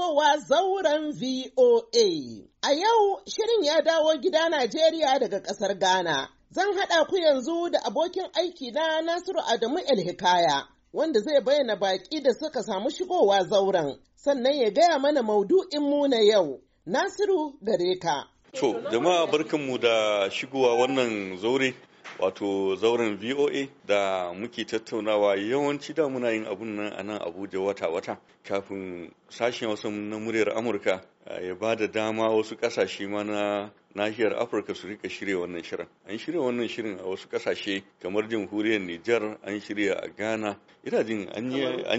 shigowa zauren VOA. A yau shirin ya dawo gida Najeriya daga ƙasar Ghana. Zan haɗa ku yanzu da abokin aiki na Nasiru Adamu Elhikaya, wanda zai bayyana baƙi da suka samu shigowa zauren, sannan ya gaya mana maudu'inmu na yau. Nasiru gare ka. To, jama'a barkanmu da shigowa wannan zaure wato zauren VOA da muke tattaunawa yawanci da muna yin abun nan a nan Abuja wata-wata kafin sashen wasu na muryar Amurka ya ba da dama wasu kasashe ma na nahiyar afirka su rika shirya wannan shirin an shirya wannan shirin a wasu kasashe kamar jamhuriyar nijar an shirya a ghana ina jin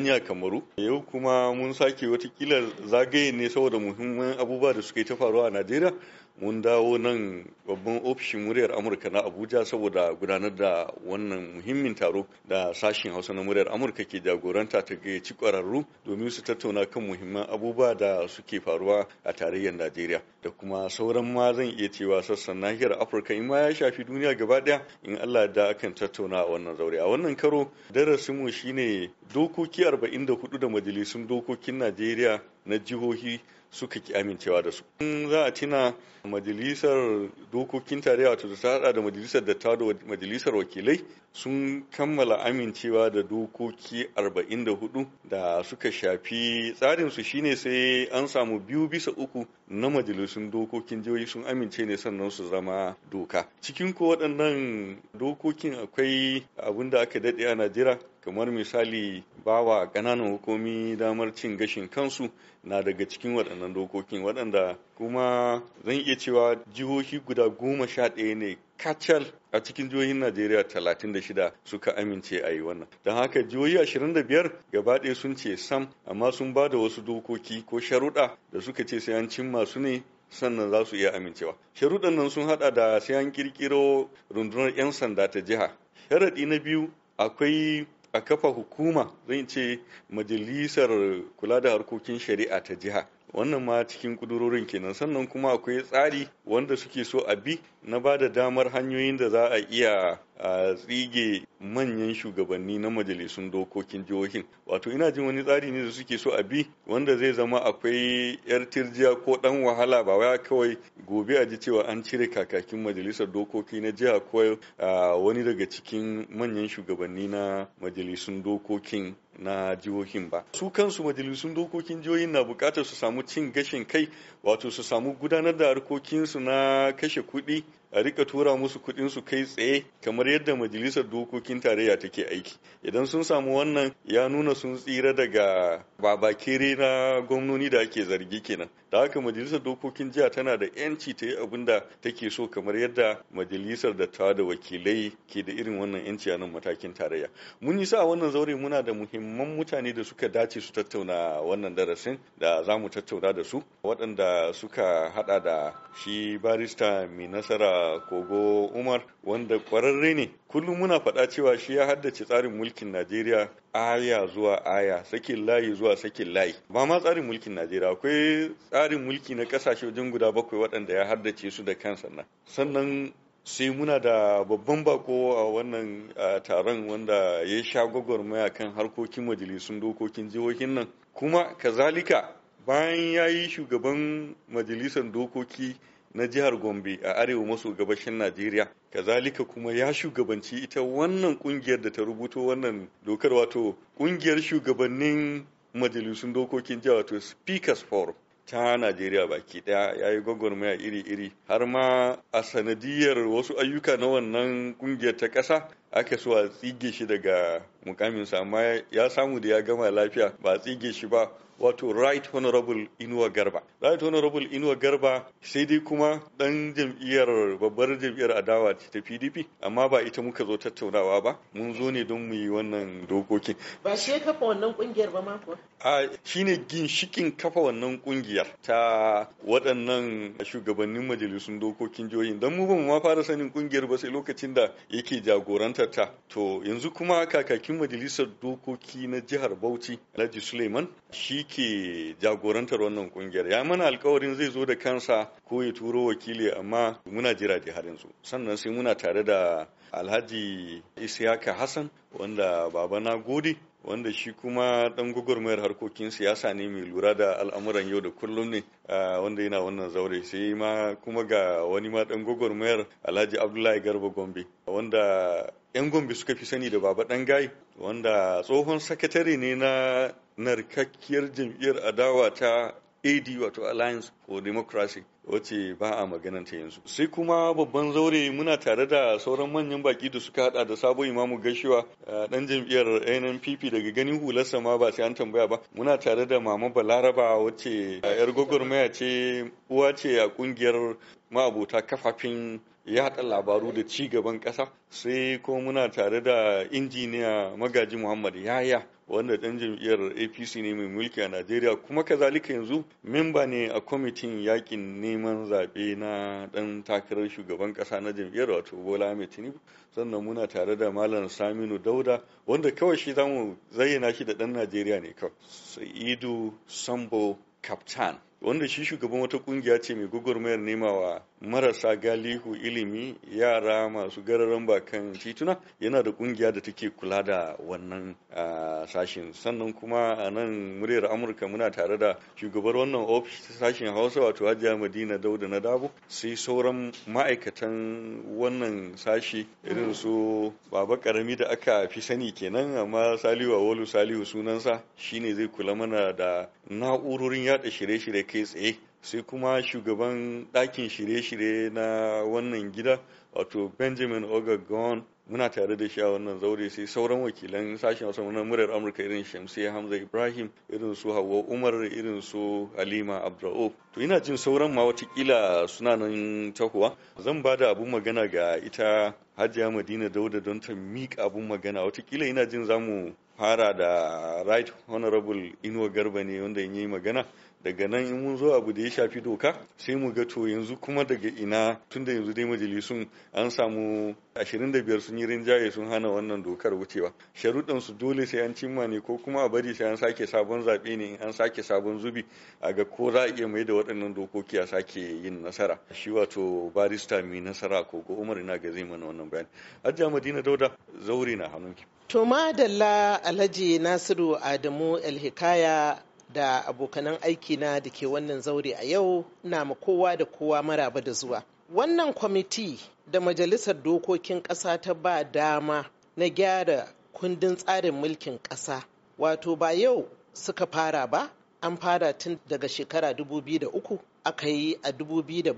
ya kamaru yau kuma mun sake watakila zagaye ne saboda muhimman abubuwa da suka yi ta faruwa a najeriya mun dawo nan babban ofishin muryar amurka na abuja saboda gudanar da wannan muhimmin taro da sashen hausa na muryar amurka ke jagoranta ta gayyaci kwararru domin su tattauna kan muhimman abubuwa da suke faruwa a tarayyar Najeriya da kuma sauran ma zan iya cewa sassan nahiyar Afirka in ma ya shafi duniya gaba ɗaya in Allah da akan tattauna a wannan zaure a wannan karo darasin shine dokoki 44 da majalisun dokokin Najeriya na jihohi suka ki amincewa da su. In za a tina majalisar dokokin tarayya wato ta hada da majalisar dattawa da majalisar wakilai sun kammala amincewa da dokoki 44 da suka shafi tsarin su shine sai an samu biyu bisa uku na majalisun dokokin jihohi sun amince ne sannan su zama doka. Cikin ko waɗannan dokokin akwai abin da aka daɗe a Najeriya kamar misali bawa ƙananan hukumi damar cin gashin kansu na daga cikin waɗannan dokokin waɗanda kuma zan iya cewa jihohi guda goma sha ɗaya ne kacal a cikin jihohin Najeriya 36 suka amince a yi wannan. Don haka jihohi biyar gaba ɗaya sun ce sam amma sun ba da wasu dokoki ko sharuɗa da suka ce sai an cimma su ne sannan za su iya amincewa. Sharuɗan nan sun haɗa da sai an ƙirƙiro rundunar 'yan sanda ta jiha. Sharaɗi na biyu akwai a kafa hukuma zan ce majalisar kula da harkokin shari'a ta jiha wannan ma cikin kudurorin kenan sannan kuma akwai tsari wanda suke so a bi na ba da damar hanyoyin da za a iya a tsige manyan shugabanni na majalisun dokokin jihohin wato ina jin wani tsari ne da suke so a bi wanda zai zama akwai yar tirjiya ko dan wahala ba waya kawai gobe a ji cewa an cire kakakin majalisar dokoki na jiha ko wani daga cikin manyan shugabanni na majalisun dokokin na jihohin ba su kansu majalisun dokokin jihohin na bukatar su samu cin gashin kai wato su samu gudanar da harkokinsu na kashe kuɗi a rika tura musu kuɗin su kai tsaye kamar yadda majalisar dokokin tarayya take aiki idan sun samu wannan ya nuna sun tsira daga babakere na gwamnoni da ake zargi kenan da haka majalisar dokokin jiya tana da yanci ta yi abin da take so kamar yadda majalisar da ta da wakilai ke da irin wannan yanci a nan matakin tarayya mun yi sa wannan zaure muna da muhimman mutane da suka dace su tattauna wannan darasin da za mu tattauna da su waɗanda suka hada da shi barista mai nasara kogo umar wanda kwararre ne kullum muna faɗa cewa shi ya haddace tsarin mulkin najeriya aya zuwa aya sakin layi zuwa sakin layi ba ma tsarin mulkin najeriya akwai tsarin mulki na ƙasashe wajen guda bakwai waɗanda ya haddace su da kansa nan sannan sai muna da babban bako a wannan taron wanda ya sha gwagwarmaya kan harkokin majalisun dokokin jihohin nan kuma kazalika bayan ya yi shugaban majalisar dokoki na jihar Gombe a arewa maso gabashin Najeriya. Kazalika kuma ya shugabanci ita wannan kungiyar da ta rubuto wannan dokar wato kungiyar shugabannin majalisun dokokin jiha wato Speakers Forum. ta Najeriya baki daya ya yi gwagwarmaya iri-iri har ma a sanadiyar wasu ayyuka na wannan kungiyar ta ƙasa aka so a tsige shi daga mukaminsa amma ya samu da ya gama lafiya ba a tsige shi ba wato right honorable inuwa garba right honorable inuwa garba sai dai kuma dan jam'iyyar babbar jam'iyyar adawa ce ta pdp amma ba ita muka zo tattaunawa ba mun zo ne don mu yi wannan dokokin ba shi kafa wannan kungiyar ba ma a shine ginshikin kafa wannan kungiyar ta waɗannan shugabannin majalisun dokokin jihohi dan mu ba mu ma fara sanin kungiyar ba sai lokacin da yake jagorantar ta to yanzu kuma kakakin majalisar dokoki na jihar Bauchi Alhaji Suleiman shi yake jagorantar wannan kungiyar ya mana alkawarin zai zo da kansa ko ya turo wakili amma muna jira da har yanzu sannan sai muna tare da alhaji ishaka hassan wanda babana na gode wanda shi kuma dan gwagwarmayar harkokin siyasa ne mai lura da al'amuran yau da kullum ne wanda yana wannan zaure sai ma kuma ga wani ma dan gwagwarmayar alhaji abdullahi garba gombe wanda yan gombe suka fi sani da baba dan gai wanda tsohon sakatare ne na narkakkiyar jam'iyyar adawa ta AD wato Alliance for Democracy wace ba a magananta yanzu. Sai kuma babban zaure muna tare da sauran manyan baki da suka hada da sabo imamu gashiwa dan jam'iyyar NNPP daga ganin hularsa ma ba sai an tambaya ba. Muna tare da mama Balaraba wace yar gwagwarmaya ce uwa ce a kungiyar ma'abota kafafin yaɗa labaru da ci gaban ƙasa sai ko muna tare da injiniya magaji muhammad yaya wanda dan jam'iyyar apc ne mai mulki a najeriya kuma kazalika yanzu memba ne a kwamitin yakin neman zaɓe na ɗan takarar shugaban ƙasa na jam'iyyar wato bola ahmed tinubu sannan muna tare da malam saminu dauda wanda kawai shi zamu zayyana shi da ɗan najeriya ne kawai sa'idu sambo kaftan wanda shi shugaban wata kungiya ce mai gwagwarmayar nemawa marasa galihu ilimi yara masu gararan bakan tituna yana da kungiya da take kula da wannan sashen sannan kuma a nan muryar amurka muna tare da shugabar wannan ofis sashen hausa wato hajiya madina dauda na dabo sai sauran ma'aikatan wannan sashi irin su baba karami da aka fi sani kenan amma salihu walu salihu sunansa shine zai kula mana da na'urorin yada shirye-shirye kai tsaye sai kuma shugaban dakin shirye-shirye na wannan gida wato benjamin ogagon muna tare da shi a wannan zaure sai sauran wakilan sashen wasu na murar amurka irin shamsiyya hamza ibrahim irin su hawa umar irin su halima abdur'uf to ina jin sauran ma watakila suna nan tahowa zan ba da abun magana ga ita hajiya madina dauda don ta miƙa abun magana watakila ina jin za mu fara da right honorable inuwa garba ne wanda yi magana daga nan in mun zo abu da ya shafi doka sai mu ga to yanzu kuma daga ina tun da yanzu dai majalisun an samu 25 sun yi rinjaye sun hana wannan dokar wucewa sharuɗan su dole sai an cimma ne ko kuma a bari sai an sake sabon zaɓe ne an sake sabon zubi a ga ko za a iya mai da waɗannan dokoki a sake yin nasara shi wato barista mai nasara ko ko umar ina ga zai mana wannan bayani ajiya madina dauda zaure na hannunki to madalla alhaji nasiru adamu alhikaya da abokanan aikina da ke wannan zaure a yau na ma kowa da kowa maraba da zuwa. Wannan kwamiti da Majalisar Dokokin Ƙasa ta ba dama na gyara kundin tsarin mulkin ƙasa, wato ba yau suka fara ba, an fara tun daga shekara 2003, aka yi a 2007,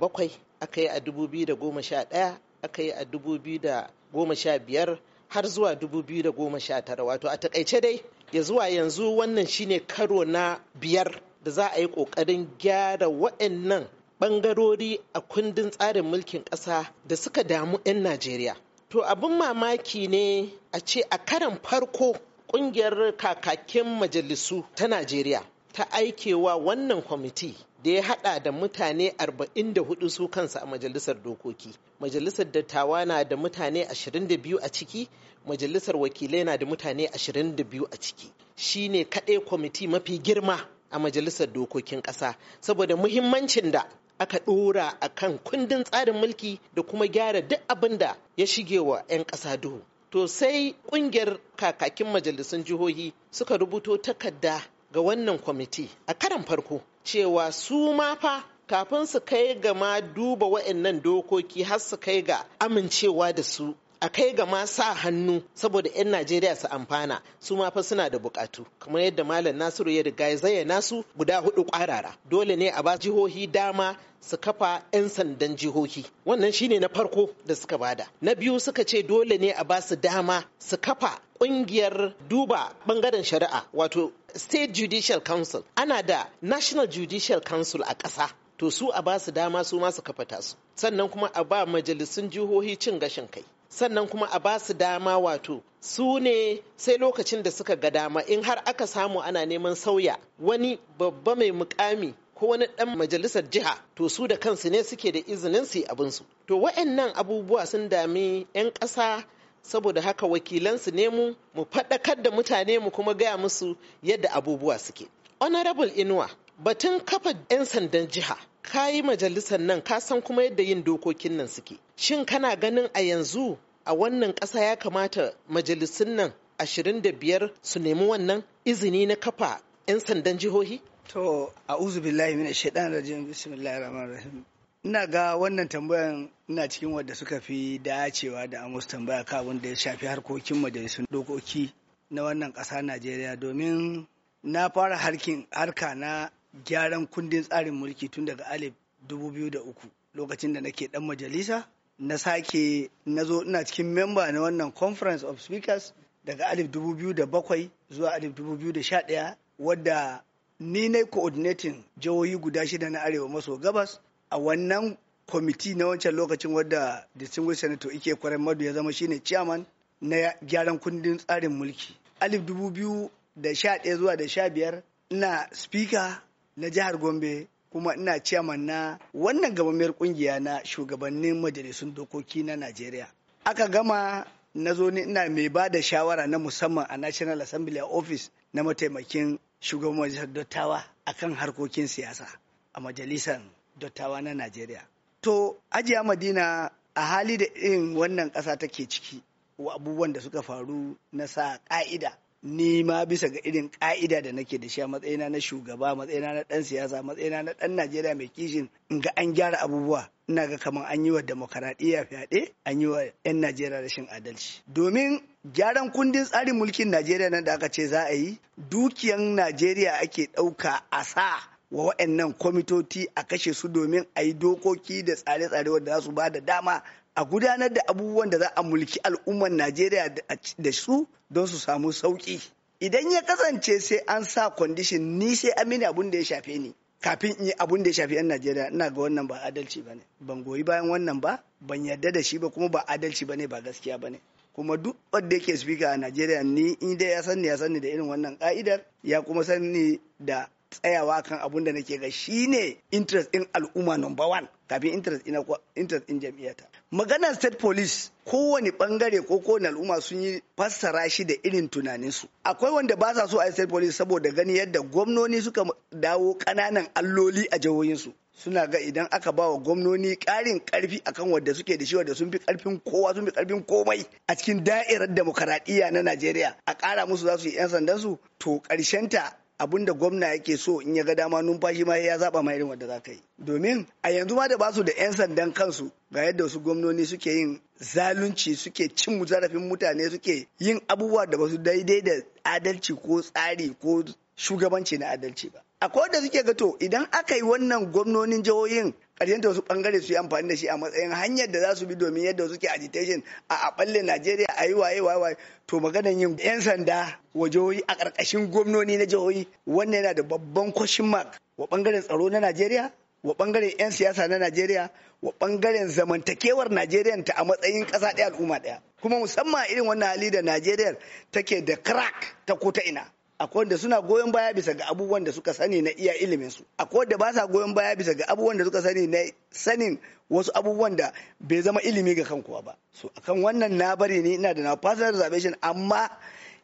aka yi a 2011, aka yi a 2015 har zuwa 2019 wato a takaice dai ya zuwa yanzu wannan shine karo na biyar da za a yi ƙoƙarin gyara waɗannan ɓangarori a kundin tsarin mulkin ƙasa da suka damu 'yan Najeriya. To abin mamaki ne a ce a karan farko ƙungiyar kakakin majalisu ta Najeriya ta aikewa wannan kwamiti da ya hada da mutane 44 su kansa a majalisar dokoki majalisar dattawa na da mutane 22 a ciki majalisar wakilai na da mutane 22 a ciki shine kaɗai kwamiti mafi girma a majalisar dokokin ƙasa saboda muhimmancin da aka ɗora a kan kundin tsarin mulki da kuma gyara duk abin da ya shige wa 'yan ƙasa duhu to sai ƙungiyar kakakin majalisun jihohi suka rubuto takarda ga wannan kwamiti a karan farko cewa su ma fa kafin su kai ga ma duba wa'annan dokoki har su kai ga amincewa da su a kai ga ma sa hannu saboda 'yan Najeriya su amfana su ma fa suna da bukatu kamar yadda Malam Nasiru ya riga ya zayyana su guda hudu kwarara dole ne a ba jihohi dama su kafa 'yan sandan jihohi wannan shine na farko da suka bada na biyu suka ce dole ne a ba su dama su kafa kungiyar duba bangaren shari'a wato state judicial council ana da national judicial council a ƙasa to su a ba su dama su ma su kafa tasu sannan kuma a ba majalisun jihohi cin gashin kai sannan kuma a ba su dama wato su ne sai lokacin da suka ga dama in har aka samu ana neman sauya wani babba mai mukami ko wani ɗan majalisar jiha to su da kansu ne suke da izinin su su. to wa'annan abubuwa sun dami 'yan ƙasa saboda haka wakilansu ne mu mu faɗakar da mutane mu kuma gaya musu yadda abubuwa suke honorable inuwa batun kafa 'yan sandan jiha ka yi majalisar nan ka san kuma yadda yin dokokin nan suke shin kana ganin a yanzu a wannan ƙasa ya kamata majalisun nan ashirin da biyar su nemi wannan izini na kafa 'yan sandan jihohi? To, a billahi mina shaidan rajin bismillahir rahmanir rahim. Ina ga wannan tambayan ina cikin wadda suka fi dacewa da amos tambaya ka da ya shafi harkokin majalisun dokoki na wannan ƙasa Najeriya domin na fara harkin harka na gyaran kundin tsarin mulki tun daga alif 2003 lokacin da nake dan majalisa na sake na zo ina cikin memba na wannan conference of speakers daga alif 2007 zuwa alif 2011 wadda ni na coordinating jihohi guda shida na arewa maso gabas a wannan kwamiti na wancan lokacin wadda distinguished senator ike kwarar madu ya zama shine chairman na gyaran kundin tsarin mulki alif 2011 zuwa da 15 ina speaker na jihar Gombe kuma ina ciyaman na wannan gabamiyar kungiya na shugabannin majalisun dokoki na Najeriya. Aka gama na zo ni ina mai ba da shawara na musamman a National Assembly Office na mataimakin shugaban majalisar a kan harkokin siyasa a majalisar Dattawa na Najeriya. To, Ajiya Madina a hali da irin wannan ƙasa take ciki wa abubuwan da suka faru na sa ƙa'ida ni ma bisa ga irin ka'ida da nake da shi a matsayina na shugaba matsayina na dan siyasa matsayina na dan najeriya mai kishin in ga an gyara abubuwa ina ga kamar an yi wa demokaradiyya fyaɗe an yi wa 'yan najeriya rashin adalci domin gyaran kundin tsarin mulkin najeriya nan da aka ce za a yi dukiyan najeriya ake ɗauka a sa wa waɗannan kwamitoci a kashe su domin a yi dokoki da tsare-tsare wanda za su ba da dama a gudanar da abubuwan da za a mulki al'ummar najeriya da su don su samu sauki idan ya kasance sai an sa kwandishin ni sai amini abun da ya shafe ni kafin in yi abun da ya shafi 'yan najeriya ina ga wannan ba adalci ba ne ban goyi bayan wannan ba ban yarda da shi ba kuma ba adalci ba ne ba gaskiya ba ne kuma duk wanda yake speaker a najeriya ni in dai ya sani, ya sani da irin wannan ka'idar ya kuma sani da tsayawa kan abun da nake ga shine interest din al'umma number one kafin interest ina interest din jam'iyyata maganar state police kowane bangare ko kowane al'umma sun yi fassara shi da irin tunaninsu akwai wanda ba sa so a state police saboda gani yadda gwamnoni suka dawo kananan alloli a jihohinsu suna ga idan aka ba wa gwamnoni karin karfi akan wadda suke da shi wadda sun fi karfin kowa sun fi karfin komai a cikin da'irar demokaradiyya na najeriya a kara musu za su yi 'yan sandansu to ta Abin da gwamna yake so in ya ga dama numfashi ma ya zaba ma irin wanda za ka yi domin a yanzu ma da basu da 'yan sandan kansu ga yadda wasu gwamnoni suke yin zalunci suke cin zarafin mutane suke yin abubuwa da basu daidai da adalci ko tsari ko shugabanci na adalci ba ko da suke ga to idan aka yi wannan gwamnonin jihohin karshen da wasu bangare su yi amfani da shi a matsayin hanyar da za su bi domin yadda suke agitation a aballe Najeriya a yi waye waye to maganan yin yan sanda wa jihohi a karkashin gwamnoni na jihohi wannan yana da babban question mark wa bangaren tsaro na Najeriya wa bangaren yan siyasa na Najeriya wa bangaren zamantakewar Najeriya ta a matsayin ƙasa ɗaya al'umma ɗaya kuma musamman irin wannan hali da Najeriya take da crack ta kota ina akwai wanda suna goyon baya bisa ga abubuwan da suka sani na iya ilimin su akwai wanda ba sa goyon baya bisa ga abubuwan da suka sani na sanin wasu abubuwan da bai zama ilimi ga kan kuwa ba so akan wannan na bari ni ina da na personal reservation amma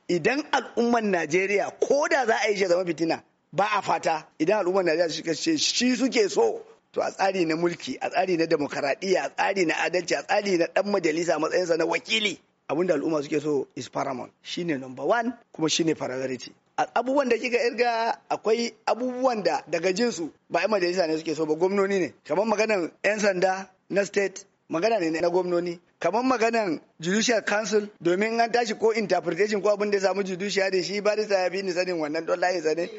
idan al'umman Najeriya ko da za a yi shi zama fitina ba a fata idan al'ummar Najeriya ce shi suke so to a tsari na mulki a tsari na demokaradiyya a tsari na adalci a tsari na dan majalisa matsayinsa na wakili abinda al'umma suke so is paramount shine number one kuma shine priority abubuwan da kika irga akwai abubuwan da daga jinsu ba yan majalisa ne suke so ba gwamnoni ne kamar maganan yan sanda na state magana ne na gwamnoni kamar maganan judicial council domin an tashi ko interpretation ko abin da ya samu da shi ba da ya fi ni sanin wannan don layi sane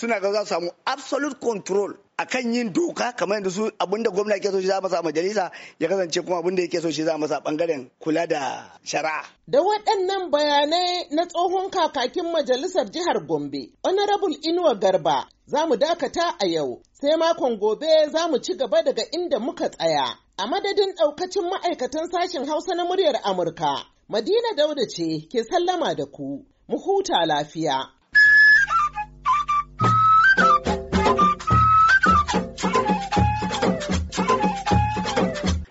suna ga za su samu absolute control a kan yin doka kamar yadda su abinda gwamna ke so shi za masa majalisa ya kasance kuma abinda ke so shi za masa bangaren kula da shari'a. Da waɗannan bayanai na tsohon kakakin majalisar jihar Gombe, Honorable Inuwa Garba, za mu dakata a yau, sai makon gobe za mu ci gaba daga inda muka tsaya. A madadin ɗaukacin ma'aikatan sashen Hausa na muryar Amurka, Madina Dauda ce ke sallama da ku, mu huta lafiya.